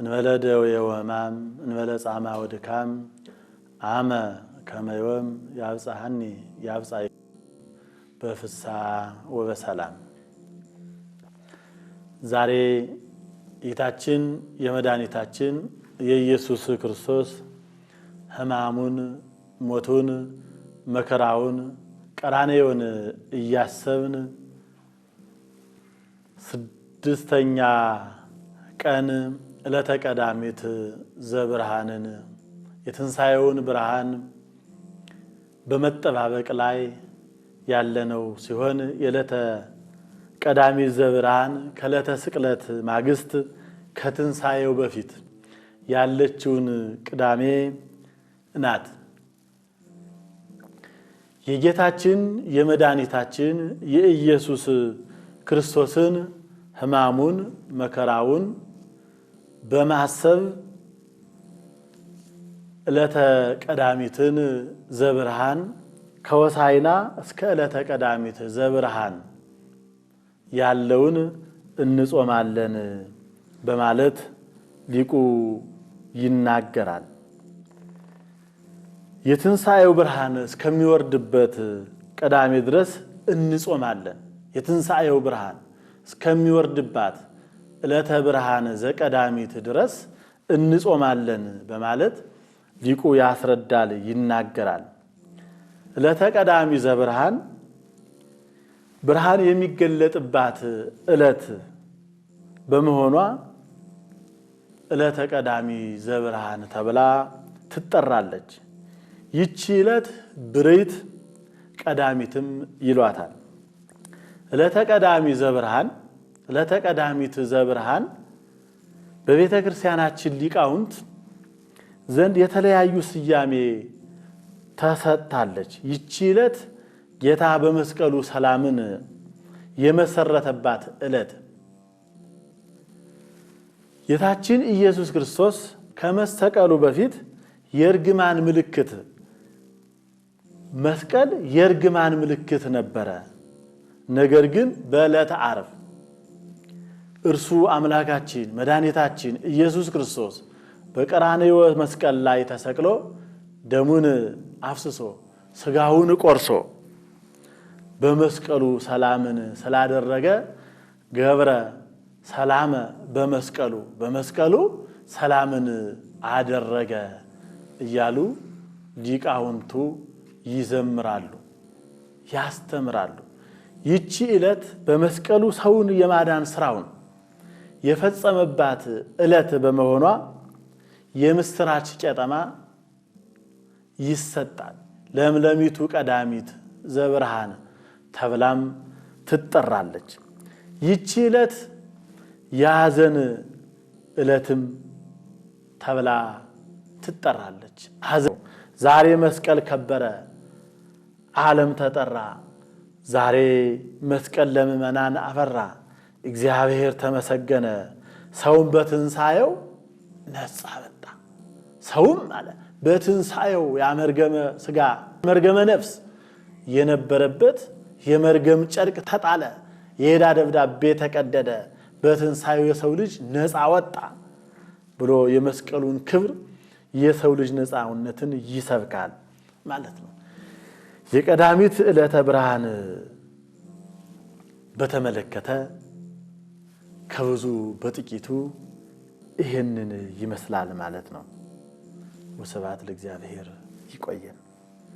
እንበለ ደዌ ወሕማም እንበለ ጻማ ወድካም አመ ከመዮም ያብጽሐኒ ያብጽሐኒ በፍሳ ወበሰላም። ዛሬ ጌታችን የመድኃኒታችን የኢየሱስ ክርስቶስ ሕማሙን፣ ሞቱን፣ መከራውን፣ ቀራኔውን እያሰብን ስድስተኛ ቀን ዕለተ ቀዳሚት ዘብርሃንን የትንሣኤውን ብርሃን በመጠባበቅ ላይ ያለነው ሲሆን የዕለተ ቀዳሚት ዘብርሃን ከዕለተ ስቅለት ማግስት ከትንሣኤው በፊት ያለችውን ቅዳሜ ናት። የጌታችን የመድኃኒታችን የኢየሱስ ክርስቶስን ሕማሙን መከራውን በማሰብ ዕለተ ቀዳሚትን ዘብርሃን ከወሳይና እስከ ዕለተ ቀዳሚት ዘብርሃን ያለውን እንጾማለን በማለት ሊቁ ይናገራል። የትንሣኤው ብርሃን እስከሚወርድበት ቅዳሜ ድረስ እንጾማለን። የትንሣኤው ብርሃን እስከሚወርድባት ዕለተ ብርሃን ዘቀዳሚት ድረስ እንጾማለን በማለት ሊቁ ያስረዳል፣ ይናገራል። ዕለተ ቀዳሚ ዘብርሃን ብርሃን የሚገለጥባት ዕለት በመሆኗ ዕለተ ቀዳሚ ዘብርሃን ተብላ ትጠራለች። ይቺ ዕለት ብርይት ቀዳሚትም ይሏታል። ዕለተ ቀዳሚ ዘብርሃን ለተቀዳሚት ዘብርሃን በቤተ ክርስቲያናችን ሊቃውንት ዘንድ የተለያዩ ስያሜ ተሰጥታለች። ይቺ ዕለት ጌታ በመስቀሉ ሰላምን የመሰረተባት ዕለት ጌታችን ኢየሱስ ክርስቶስ ከመሰቀሉ በፊት የእርግማን ምልክት መስቀል የእርግማን ምልክት ነበረ። ነገር ግን በዕለተ ዓርብ እርሱ አምላካችን መድኃኒታችን ኢየሱስ ክርስቶስ በቀራንዮ መስቀል ላይ ተሰቅሎ ደሙን አፍስሶ ስጋውን ቆርሶ በመስቀሉ ሰላምን ስላደረገ ገብረ ሰላመ በመስቀሉ በመስቀሉ ሰላምን አደረገ እያሉ ሊቃውንቱ ይዘምራሉ፣ ያስተምራሉ። ይቺ ዕለት በመስቀሉ ሰውን የማዳን ስራውን የፈጸመባት ዕለት በመሆኗ የምስራች ቄጠማ ይሰጣል። ለምለሚቱ ቀዳሚት ዘብርሃን ተብላም ትጠራለች። ይቺ ዕለት የሐዘን ዕለትም ተብላ ትጠራለች። ዛሬ መስቀል ከበረ፣ ዓለም ተጠራ። ዛሬ መስቀል ለምመናን አበራ። እግዚአብሔር ተመሰገነ። ሰውም በትንሣኤው ነፃ ወጣ። ሰውም አለ በትንሣኤው ያመርገመ ስጋ መርገመ ነፍስ የነበረበት የመርገም ጨርቅ ተጣለ፣ የሄዳ ደብዳቤ ተቀደደ፣ በትንሣኤው የሰው ልጅ ነፃ ወጣ ብሎ የመስቀሉን ክብር የሰው ልጅ ነፃውነትን ይሰብካል ማለት ነው። የቀዳሚት ዕለተ ብርሃን በተመለከተ ከብዙ በጥቂቱ ይህንን ይመስላል ማለት ነው። ወስብሐት ለእግዚአብሔር። ይቆየን።